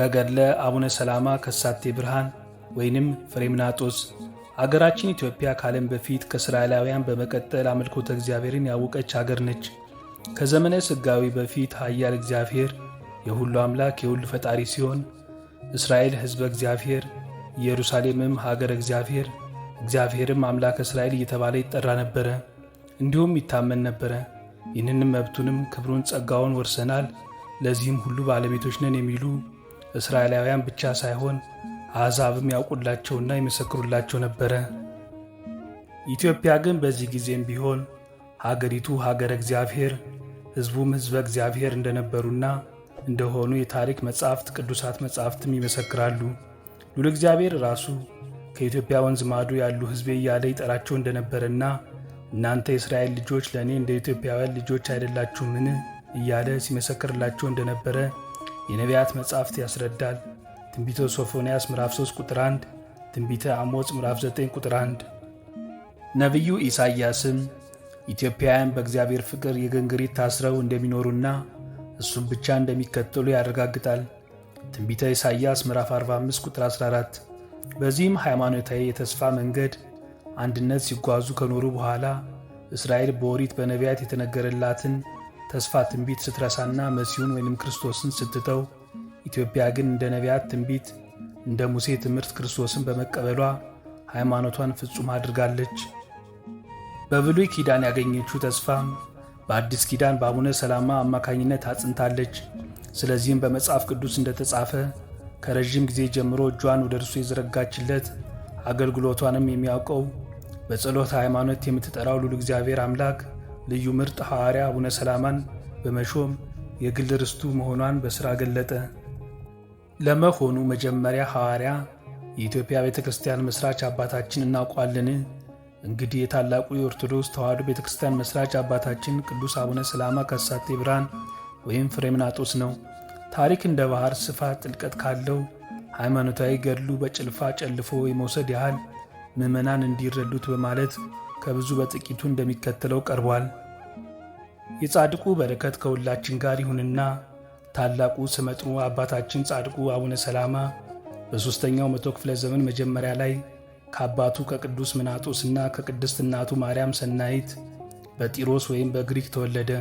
ከገድለ አቡነ ሰላማ ከሳቴ ብርሃን ወይንም ፍሬምናጦስ አገራችን ኢትዮጵያ ከዓለም በፊት ከእስራኤላውያን በመቀጠል አምልኮተ እግዚአብሔርን ያወቀች አገር ነች። ከዘመነ ስጋዊ በፊት ኃያል እግዚአብሔር የሁሉ አምላክ የሁሉ ፈጣሪ ሲሆን እስራኤል ሕዝበ እግዚአብሔር፣ ኢየሩሳሌምም ሀገር እግዚአብሔር፣ እግዚአብሔርም አምላክ እስራኤል እየተባለ ይጠራ ነበረ። እንዲሁም ይታመን ነበረ። ይህንንም መብቱንም ክብሩን ጸጋውን ወርሰናል፣ ለዚህም ሁሉ ባለቤቶች ነን የሚሉ እስራኤላውያን ብቻ ሳይሆን አሕዛብም ያውቁላቸውና ይመሰክሩላቸው ነበረ። ኢትዮጵያ ግን በዚህ ጊዜም ቢሆን ሀገሪቱ ሀገረ እግዚአብሔር፣ ሕዝቡም ሕዝበ እግዚአብሔር እንደነበሩና እንደሆኑ የታሪክ መጻሕፍት ቅዱሳት መጻሕፍትም ይመሰክራሉ። ሉል እግዚአብሔር ራሱ ከኢትዮጵያ ወንዝ ማዶ ያሉ ሕዝቤ እያለ ይጠራቸው እንደነበረና እናንተ የእስራኤል ልጆች ለእኔ እንደ ኢትዮጵያውያን ልጆች አይደላችሁምን እያለ ሲመሰክርላቸው እንደነበረ የነቢያት መጻሕፍት ያስረዳል። ትንቢተ ሶፎንያስ ምዕራፍ 3 ቁጥር 1፣ ትንቢተ አሞጽ ምዕራፍ 9 ቁጥር 1። ነቢዩ ኢሳይያስም ኢትዮጵያውያን በእግዚአብሔር ፍቅር የገንግሪት ታስረው እንደሚኖሩና እሱም ብቻ እንደሚከተሉ ያረጋግጣል። ትንቢተ ኢሳይያስ ምዕራፍ 45 ቁጥር 14። በዚህም ሃይማኖታዊ የተስፋ መንገድ አንድነት ሲጓዙ ከኖሩ በኋላ እስራኤል በኦሪት በነቢያት የተነገረላትን ተስፋ ትንቢት ስትረሳና መሲሁን ወይንም ክርስቶስን ስትተው ኢትዮጵያ ግን እንደ ነቢያት ትንቢት እንደ ሙሴ ትምህርት ክርስቶስን በመቀበሏ ሃይማኖቷን ፍጹም አድርጋለች። በብሉይ ኪዳን ያገኘችው ተስፋም በአዲስ ኪዳን በአቡነ ሰላማ አማካኝነት አጽንታለች። ስለዚህም በመጽሐፍ ቅዱስ እንደተጻፈ ከረዥም ጊዜ ጀምሮ እጇን ወደ እርሱ የዘረጋችለት አገልግሎቷንም የሚያውቀው በጸሎት ሃይማኖት የምትጠራው ሉሉ እግዚአብሔር አምላክ ልዩ ምርጥ ሐዋርያ አቡነ ሰላማን በመሾም የግል ርስቱ መሆኗን በሥራ ገለጠ። ለመሆኑ መጀመሪያ ሐዋርያ የኢትዮጵያ ቤተ ክርስቲያን መሥራች አባታችን እናውቋለን? እንግዲህ የታላቁ የኦርቶዶክስ ተዋሕዶ ቤተ ክርስቲያን መሥራች አባታችን ቅዱስ አቡነ ሰላማ ከሳቴ ብርሃን ወይም ፍሬምናጦስ ነው። ታሪክ እንደ ባሕር ስፋት ጥልቀት ካለው ሃይማኖታዊ ገድሉ በጭልፋ ጨልፎ የመውሰድ ያህል ምዕመናን እንዲረዱት በማለት ከብዙ በጥቂቱ እንደሚከተለው ቀርቧል። የጻድቁ በረከት ከሁላችን ጋር ይሁንና ታላቁ ስመጥሩ አባታችን ጻድቁ አቡነ ሰላማ በሦስተኛው መቶ ክፍለ ዘመን መጀመሪያ ላይ ከአባቱ ከቅዱስ ምናጦስና ከቅድስት እናቱ ማርያም ሰናይት በጢሮስ ወይም በግሪክ ተወለደ።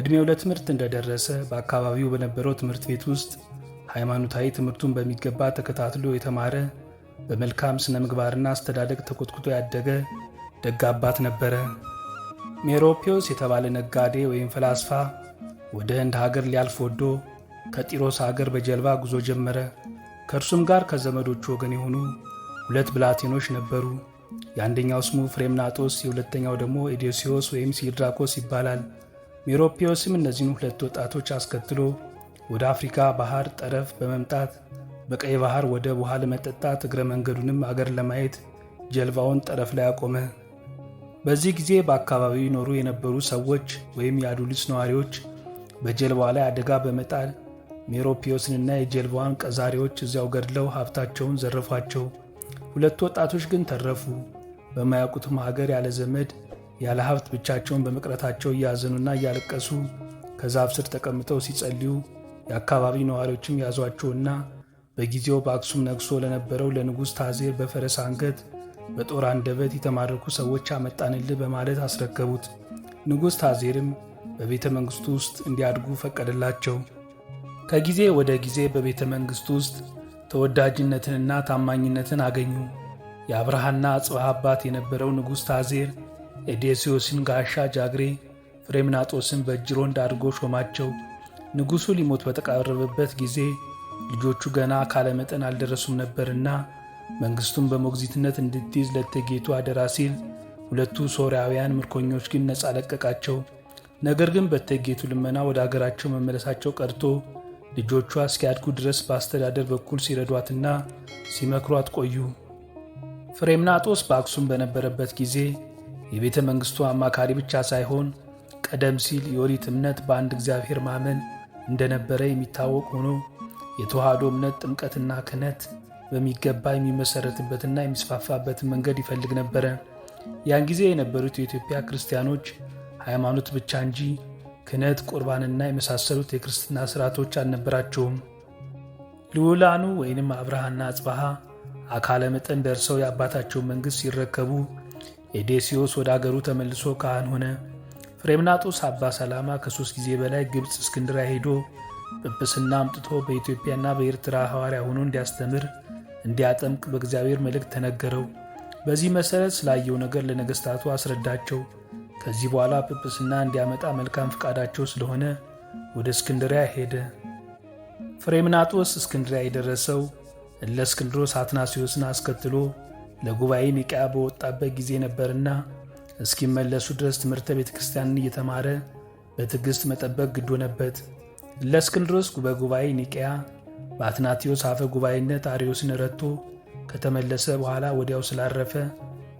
ዕድሜው ለትምህርት እንደደረሰ በአካባቢው በነበረው ትምህርት ቤት ውስጥ ሃይማኖታዊ ትምህርቱን በሚገባ ተከታትሎ የተማረ በመልካም ስነ ምግባርና አስተዳደግ ተኮትኩቶ ያደገ ደግ አባት ነበረ። ሜሮፒዮስ የተባለ ነጋዴ ወይም ፈላስፋ ወደ ህንድ ሀገር ሊያልፍ ወዶ ከጢሮስ ሀገር በጀልባ ጉዞ ጀመረ። ከእርሱም ጋር ከዘመዶቹ ወገን የሆኑ ሁለት ብላቴኖች ነበሩ። የአንደኛው ስሙ ፍሬምናጦስ፣ የሁለተኛው ደግሞ ኤዴሲዮስ ወይም ሲድራኮስ ይባላል። ሜሮፒዮስም እነዚህን ሁለት ወጣቶች አስከትሎ ወደ አፍሪካ ባህር ጠረፍ በመምጣት በቀይ ባህር ወደብ ውሃ ለመጠጣት እግረ መንገዱንም አገር ለማየት ጀልባውን ጠረፍ ላይ አቆመ። በዚህ ጊዜ በአካባቢው ይኖሩ የነበሩ ሰዎች ወይም የአዱሊስ ነዋሪዎች በጀልባዋ ላይ አደጋ በመጣል ሜሮፒዮስንና የጀልባዋን ቀዛሪዎች እዚያው ገድለው ሀብታቸውን ዘረፏቸው። ሁለቱ ወጣቶች ግን ተረፉ። በማያውቁትም ሀገር ያለ ዘመድ ያለ ሀብት ብቻቸውን በመቅረታቸው እያዘኑና እያለቀሱ ከዛፍ ስር ተቀምጠው ሲጸልዩ የአካባቢ ነዋሪዎችም ያዟቸውና በጊዜው በአክሱም ነግሶ ለነበረው ለንጉሥ ታዜር በፈረስ አንገት በጦር አንደበት የተማረኩ ሰዎች አመጣንልህ በማለት አስረከቡት። ንጉሥ ታዜርም በቤተ መንግሥቱ ውስጥ እንዲያድጉ ፈቀደላቸው። ከጊዜ ወደ ጊዜ በቤተ መንግሥቱ ውስጥ ተወዳጅነትንና ታማኝነትን አገኙ። የአብርሃና አጽብሃ አባት የነበረው ንጉሥ ታዜር ኤዴሲዮስን ጋሻ ጃግሬ፣ ፍሬምናጦስን በጅሮንድ አድርጎ ሾማቸው። ንጉሡ ሊሞት በተቃረበበት ጊዜ ልጆቹ ገና ካለመጠን አልደረሱም ነበርና መንግሥቱን በሞግዚትነት እንድትይዝ ለተጌቱ አደራ ሲል ሁለቱ ሶርያውያን ምርኮኞች ግን ነፃ ለቀቃቸው። ነገር ግን በተጌቱ ልመና ወደ አገራቸው መመለሳቸው ቀርቶ ልጆቿ እስኪያድጉ ድረስ በአስተዳደር በኩል ሲረዷትና ሲመክሯት ቆዩ። ፍሬምናጦስ በአክሱም በነበረበት ጊዜ የቤተ መንግሥቱ አማካሪ ብቻ ሳይሆን ቀደም ሲል የኦሪት እምነት በአንድ እግዚአብሔር ማመን እንደነበረ የሚታወቅ ሆኖ የተዋህዶ እምነት ጥምቀትና ክህነት በሚገባ የሚመሰረትበትና የሚስፋፋበት መንገድ ይፈልግ ነበረ። ያን ጊዜ የነበሩት የኢትዮጵያ ክርስቲያኖች ሃይማኖት ብቻ እንጂ ክህነት፣ ቁርባንና የመሳሰሉት የክርስትና ስርዓቶች አልነበራቸውም። ልዑላኑ ወይንም አብርሃና አጽባሃ አካለ መጠን ደርሰው የአባታቸውን መንግሥት ሲረከቡ ኤዴሲዮስ ወደ አገሩ ተመልሶ ካህን ሆነ። ፍሬምናጦስ አባ ሰላማ ከሦስት ጊዜ በላይ ግብፅ እስክንድራ ሄዶ ጵጵስና አምጥቶ በኢትዮጵያና በኤርትራ ሐዋርያ ሆኖ እንዲያስተምር እንዲያጠምቅ በእግዚአብሔር መልእክት ተነገረው። በዚህ መሠረት ስላየው ነገር ለነገሥታቱ አስረዳቸው። ከዚህ በኋላ ጵጵስና እንዲያመጣ መልካም ፈቃዳቸው ስለሆነ ወደ እስክንድሪያ ሄደ። ፍሬምናጦስ እስክንድሪያ የደረሰው እለ እስክንድሮስ አትናሲዮስን አስከትሎ ለጉባኤ ኒቅያ በወጣበት ጊዜ ነበርና እስኪመለሱ ድረስ ትምህርተ ቤተ ክርስቲያንን እየተማረ በትዕግሥት መጠበቅ ግድ ሆነበት። እለ እስክንድሮስ በጉባኤ ኒቅያ በአትናቴዎስ አፈ ጉባኤነት አሪዮስን ረቶ ከተመለሰ በኋላ ወዲያው ስላረፈ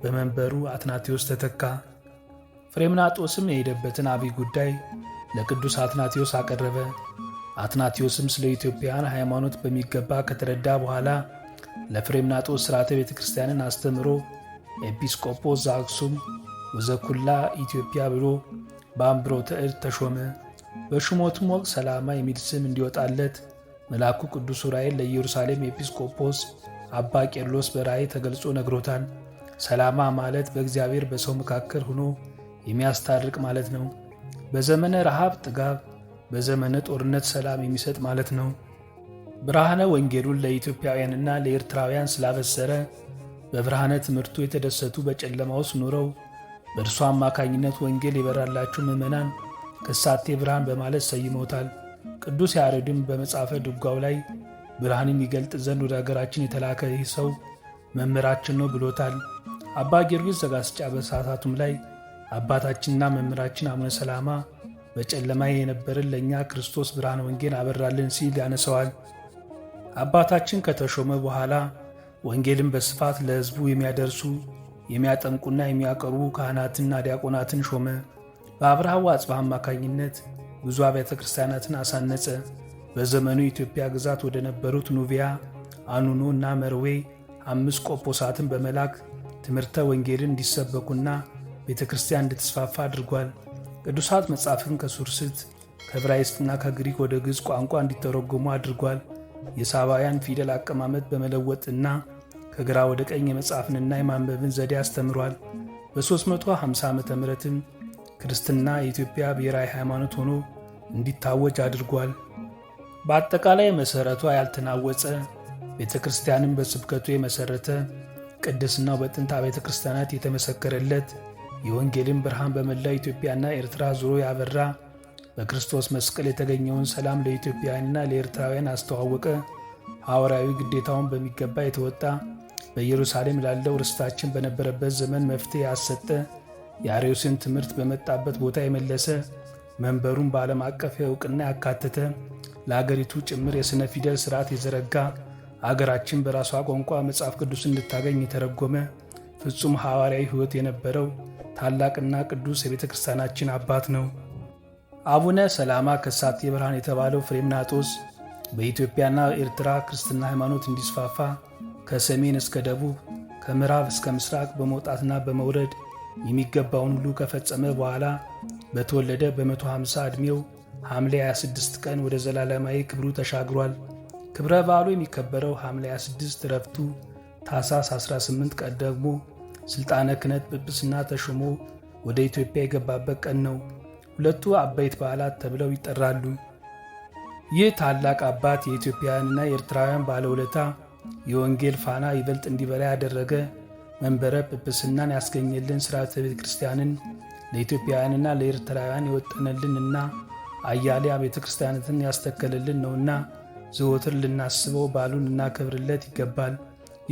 በመንበሩ አትናቴዎስ ተተካ። ፍሬምናጦስም የሄደበትን አብይ ጉዳይ ለቅዱስ አትናቴዎስ አቀረበ። አትናቴዎስም ስለ ኢትዮጵያን ሃይማኖት በሚገባ ከተረዳ በኋላ ለፍሬምናጦስ ሥርዓተ ቤተ ክርስቲያንን አስተምሮ ኤጲስቆጶስ ዘአክሱም ወዘኩላ ኢትዮጵያ ብሎ በአንብሮተ እድ ተሾመ። በሹሞትም ወቅት ሰላማ የሚል ስም እንዲወጣለት መልአኩ ቅዱስ ዑራኤል ለኢየሩሳሌም ኤጲስቆጶስ አባ ቄርሎስ በራእይ ተገልጾ ነግሮታል። ሰላማ ማለት በእግዚአብሔር በሰው መካከል ሆኖ የሚያስታርቅ ማለት ነው። በዘመነ ረሃብ ጥጋብ፣ በዘመነ ጦርነት ሰላም የሚሰጥ ማለት ነው። ብርሃነ ወንጌሉን ለኢትዮጵያውያንና ለኤርትራውያን ስላበሰረ በብርሃነ ትምህርቱ የተደሰቱ በጨለማ ውስጥ ኑረው በእርሱ አማካኝነት ወንጌል የበራላቸው ምዕመናን ከሳቴ ብርሃን በማለት ሰይመውታል። ቅዱስ ያሬድም በመጽሐፈ ድጓው ላይ ብርሃንን ይገልጥ ዘንድ ወደ አገራችን የተላከ ይህ ሰው መምህራችን ነው ብሎታል። አባ ጊዮርጊስ ዘጋስጫ በሰዓታቱም ላይ አባታችንና መምህራችን አቡነ ሰላማ በጨለማ የነበርን ለእኛ ክርስቶስ ብርሃን ወንጌል አበራልን ሲል ያነሰዋል። አባታችን ከተሾመ በኋላ ወንጌልን በስፋት ለሕዝቡ የሚያደርሱ የሚያጠምቁና የሚያቀርቡ ካህናትና ዲያቆናትን ሾመ። በአብርሃ ወአጽብሃ አማካኝነት ብዙ አብያተ ክርስቲያናትን አሳነጸ። በዘመኑ የኢትዮጵያ ግዛት ወደ ነበሩት ኑቪያ፣ አኑኖ እና መርዌ አምስት ቆጶሳትን በመላክ ትምህርተ ወንጌልን እንዲሰበኩና ቤተ ክርስቲያን እንድትስፋፋ አድርጓል። ቅዱሳት መጽሐፍን ከሱርስት ከዕብራይስጥና ከግሪክ ወደ ግዕዝ ቋንቋ እንዲተረጎሙ አድርጓል። የሳባውያን ፊደል አቀማመጥ በመለወጥና ከግራ ወደ ቀኝ የመጽሐፍንና የማንበብን ዘዴ አስተምሯል። በ350 ዓ ምትም ክርስትና የኢትዮጵያ ብሔራዊ ሃይማኖት ሆኖ እንዲታወጅ አድርጓል። በአጠቃላይ መሠረቷ ያልተናወጸ ቤተ ክርስቲያንም በስብከቱ የመሠረተ ቅድስናው በጥንት አብያተ ክርስቲያናት የተመሰከረለት የወንጌልን ብርሃን በመላ ኢትዮጵያና ኤርትራ ዙሮ ያበራ በክርስቶስ መስቀል የተገኘውን ሰላም ለኢትዮጵያውያንና ለኤርትራውያን አስተዋወቀ። ሐዋርያዊ ግዴታውን በሚገባ የተወጣ በኢየሩሳሌም ላለው ርስታችን በነበረበት ዘመን መፍትሄ አሰጠ። የአርዮስን ትምህርት በመጣበት ቦታ የመለሰ መንበሩን በዓለም አቀፍ እውቅና ያካተተ ለአገሪቱ ጭምር የሥነ ፊደል ሥርዓት የዘረጋ አገራችን በራሷ ቋንቋ መጽሐፍ ቅዱስ እንድታገኝ የተረጎመ ፍጹም ሐዋርያዊ ሕይወት የነበረው ታላቅና ቅዱስ የቤተ ክርስቲያናችን አባት ነው። አቡነ ሰላማ ከሳቴ ብርሃን የተባለው ፍሬምናጦስ በኢትዮጵያና ኤርትራ ክርስትና ሃይማኖት እንዲስፋፋ ከሰሜን እስከ ደቡብ ከምዕራብ እስከ ምስራቅ በመውጣትና በመውረድ የሚገባውን ሁሉ ከፈጸመ በኋላ በተወለደ በ150 ዕድሜው ሐምሌ 26 ቀን ወደ ዘላለማዊ ክብሩ ተሻግሯል። ክብረ በዓሉ የሚከበረው ሐምሌ 26 ረፍቱ ታሳ 18 ቀን ደግሞ ሥልጣነ ክህነት ጵጵስና ተሾሞ ወደ ኢትዮጵያ የገባበት ቀን ነው። ሁለቱ አበይት በዓላት ተብለው ይጠራሉ። ይህ ታላቅ አባት የኢትዮጵያውያንና የኤርትራውያን ባለውለታ የወንጌል ፋና ይበልጥ እንዲበላ ያደረገ መንበረ ጵጵስናን ያስገኘልን ሥርዓተ ቤተ ክርስቲያንን ለኢትዮጵያውያንና ለኤርትራውያን እና አያሌ ቤተ ክርስቲያናትን ያስተከልልን ነውና ዘወትር ልናስበው በዓሉን እናከብርለት ይገባል።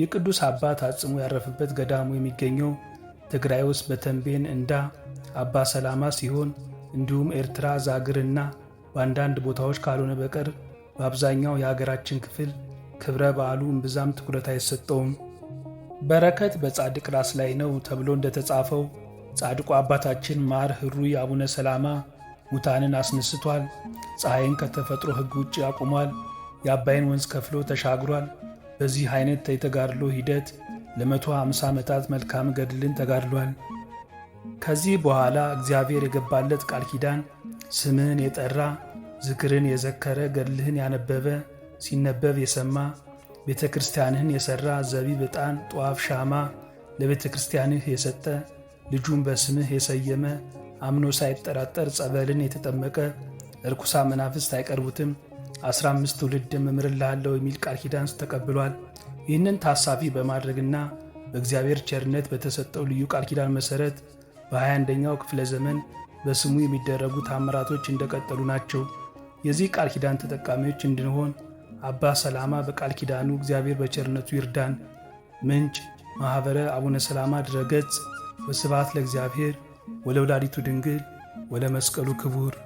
የቅዱስ አባት አጽሙ ያረፈበት ገዳሙ የሚገኘው ትግራይ ውስጥ በተንቤን እንዳ አባ ሰላማ ሲሆን እንዲሁም ኤርትራ ዛግርና በአንዳንድ ቦታዎች ካልሆነ በቀር በአብዛኛው የሀገራችን ክፍል ክብረ በዓሉ እምብዛም ትኩረት አይሰጠውም። በረከት በጻድቅ ራስ ላይ ነው ተብሎ እንደተጻፈው ጻድቁ አባታችን ማር ኅሩይ አቡነ ሰላማ ሙታንን አስነስቷል። ፀሐይን ከተፈጥሮ ሕግ ውጭ አቁሟል። የአባይን ወንዝ ከፍሎ ተሻግሯል። በዚህ አይነት የተጋድሎ ሂደት ለመቶ ሃምሳ ዓመታት መልካም ገድልን ተጋድሏል። ከዚህ በኋላ እግዚአብሔር የገባለት ቃል ኪዳን ስምህን የጠራ ዝክርን የዘከረ ገድልህን ያነበበ ሲነበብ የሰማ ቤተ ክርስቲያንህን የሠራ ዘቢብ፣ ዕጣን፣ ጧፍ፣ ሻማ ለቤተ ክርስቲያንህ የሰጠ ልጁን በስምህ የሰየመ አምኖ ሳይጠራጠር ጸበልን የተጠመቀ እርኩሳ መናፍስት አይቀርቡትም አስራ አምስት ትውልድ እምርልሃለሁ የሚል ቃል ኪዳንስ ተቀብሏል። ይህንን ታሳቢ በማድረግና በእግዚአብሔር ቸርነት በተሰጠው ልዩ ቃል ኪዳን መሠረት በ21ኛው ክፍለ ዘመን በስሙ የሚደረጉ ታምራቶች እንደቀጠሉ ናቸው። የዚህ ቃል ኪዳን ተጠቃሚዎች እንድንሆን አባ ሰላማ በቃል ኪዳኑ እግዚአብሔር በቸርነቱ ይርዳን። ምንጭ ማኅበረ አቡነ ሰላማ ድረገጽ። ወስብሐት ለእግዚአብሔር ወለወላዲቱ ድንግል ወለመስቀሉ ክቡር